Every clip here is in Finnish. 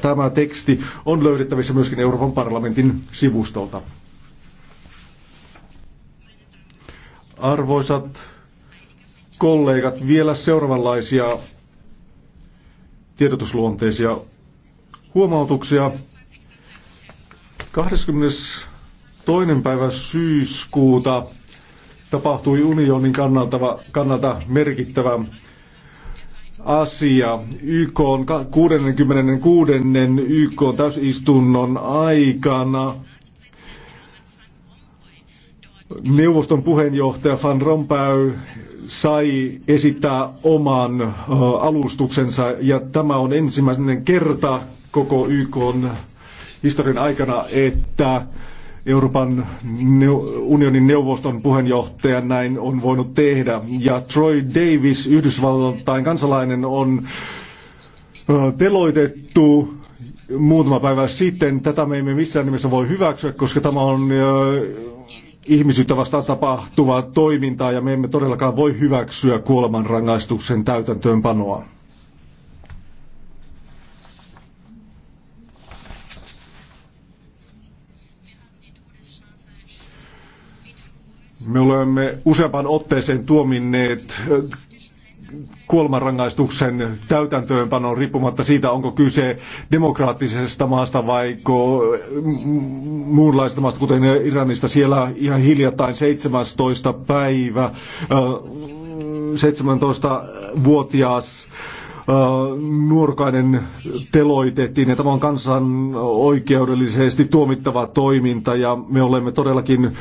Tämä teksti on löydettävissä myöskin Euroopan parlamentin sivustolta. Arvoisat kollegat, vielä seuraavanlaisia tiedotusluonteisia huomautuksia. 22. päivä syyskuuta tapahtui unionin kannalta, kannalta merkittävä asia. YK on 66. YK täysistunnon aikana neuvoston puheenjohtaja Van Rompuy sai esittää oman alustuksensa ja tämä on ensimmäinen kerta koko YK historian aikana, että Euroopan unionin neuvoston puheenjohtaja näin on voinut tehdä. Ja Troy Davis, Yhdysvaltain kansalainen, on teloitettu muutama päivä sitten. Tätä me emme missään nimessä voi hyväksyä, koska tämä on ihmisyyttä vastaan tapahtuvaa toimintaa ja me emme todellakaan voi hyväksyä kuolemanrangaistuksen täytäntöönpanoa. Me olemme useampaan otteeseen tuominneet äh, kuolmanrangaistuksen täytäntöönpanon riippumatta siitä, onko kyse demokraattisesta maasta vai äh, muunlaista maasta, kuten Iranista. Siellä ihan hiljattain 17. päivä 17-vuotias äh, nuorkainen teloitettiin. Ja tämä on kansan oikeudellisesti tuomittava toiminta ja me olemme todellakin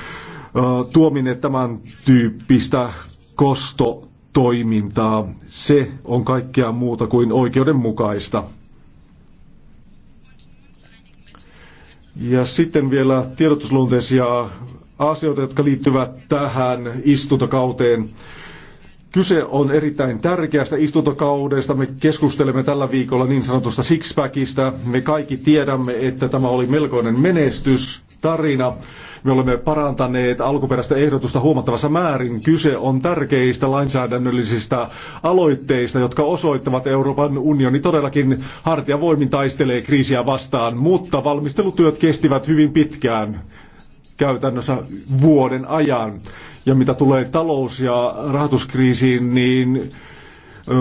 Tuominen tämän tyyppistä kostotoimintaa. Se on kaikkea muuta kuin oikeudenmukaista. Ja sitten vielä tiedotusluonteisia asioita, jotka liittyvät tähän istuntokauteen. Kyse on erittäin tärkeästä istuntokaudesta. Me keskustelemme tällä viikolla niin sanotusta sixpackista. Me kaikki tiedämme, että tämä oli melkoinen menestys tarina. Me olemme parantaneet alkuperäistä ehdotusta huomattavassa määrin. Kyse on tärkeistä lainsäädännöllisistä aloitteista, jotka osoittavat Euroopan unioni todellakin hartiavoimin taistelee kriisiä vastaan, mutta valmistelutyöt kestivät hyvin pitkään käytännössä vuoden ajan. Ja mitä tulee talous- ja rahoituskriisiin, niin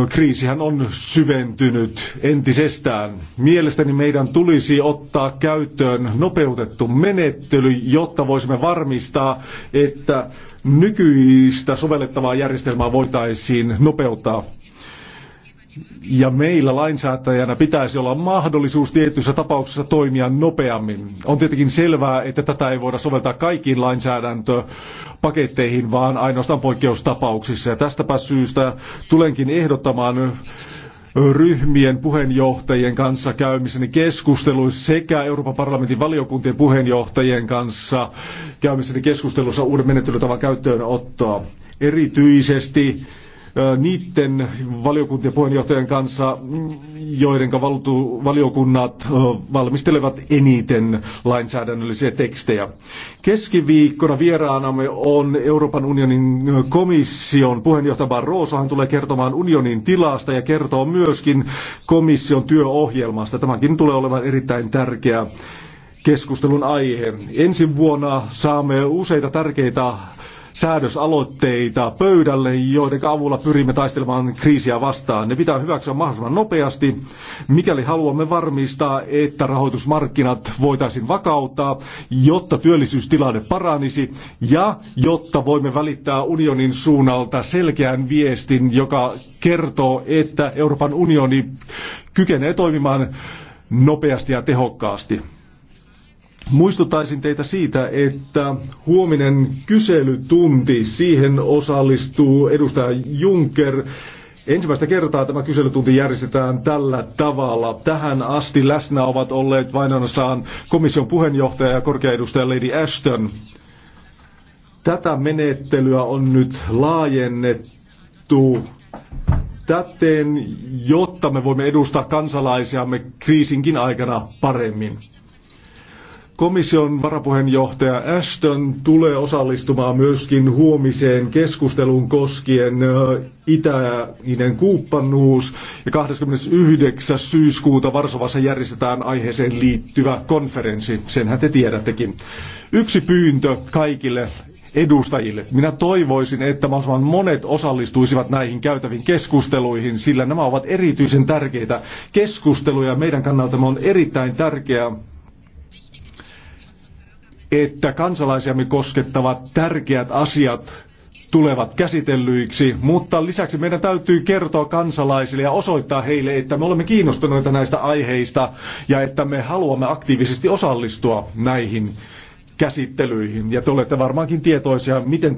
kriisihän on syventynyt entisestään. Mielestäni meidän tulisi ottaa käyttöön nopeutettu menettely, jotta voisimme varmistaa, että nykyistä sovellettavaa järjestelmää voitaisiin nopeuttaa. Ja meillä lainsäätäjänä pitäisi olla mahdollisuus tietyissä tapauksissa toimia nopeammin. On tietenkin selvää, että tätä ei voida soveltaa kaikkiin lainsäädäntöpaketteihin, vaan ainoastaan poikkeustapauksissa. Ja tästäpä syystä tulenkin ehdottamaan ryhmien puheenjohtajien kanssa käymiseni keskusteluissa sekä Euroopan parlamentin valiokuntien puheenjohtajien kanssa käymiseni keskustelussa uuden menettelytavan käyttöönottoa. Erityisesti niiden valiokuntien puheenjohtajien kanssa, joiden valiokunnat valmistelevat eniten lainsäädännöllisiä tekstejä. Keskiviikkona vieraanamme on Euroopan unionin komission puheenjohtaja Barroso. Hän tulee kertomaan unionin tilasta ja kertoo myöskin komission työohjelmasta. Tämäkin tulee olemaan erittäin tärkeä keskustelun aihe. Ensi vuonna saamme useita tärkeitä säädösaloitteita pöydälle, joiden avulla pyrimme taistelemaan kriisiä vastaan. Ne pitää hyväksyä mahdollisimman nopeasti, mikäli haluamme varmistaa, että rahoitusmarkkinat voitaisiin vakauttaa, jotta työllisyystilanne paranisi ja jotta voimme välittää unionin suunnalta selkeän viestin, joka kertoo, että Euroopan unioni kykenee toimimaan nopeasti ja tehokkaasti. Muistuttaisin teitä siitä, että huominen kyselytunti, siihen osallistuu edustaja Juncker. Ensimmäistä kertaa tämä kyselytunti järjestetään tällä tavalla. Tähän asti läsnä ovat olleet vain ainoastaan komission puheenjohtaja ja korkeaedustaja Lady Ashton. Tätä menettelyä on nyt laajennettu täten, jotta me voimme edustaa kansalaisiamme kriisinkin aikana paremmin. Komission varapuheenjohtaja Ashton tulee osallistumaan myöskin huomiseen keskusteluun koskien itäinen kumppanuus. Ja 29. syyskuuta Varsovassa järjestetään aiheeseen liittyvä konferenssi. Senhän te tiedättekin. Yksi pyyntö kaikille edustajille. Minä toivoisin, että mahdollisimman monet osallistuisivat näihin käytäviin keskusteluihin, sillä nämä ovat erityisen tärkeitä keskusteluja. Meidän kannaltamme on erittäin tärkeää että kansalaisiamme koskettavat tärkeät asiat tulevat käsitellyiksi, mutta lisäksi meidän täytyy kertoa kansalaisille ja osoittaa heille, että me olemme kiinnostuneita näistä aiheista ja että me haluamme aktiivisesti osallistua näihin käsittelyihin. Ja te olette varmaankin tietoisia, miten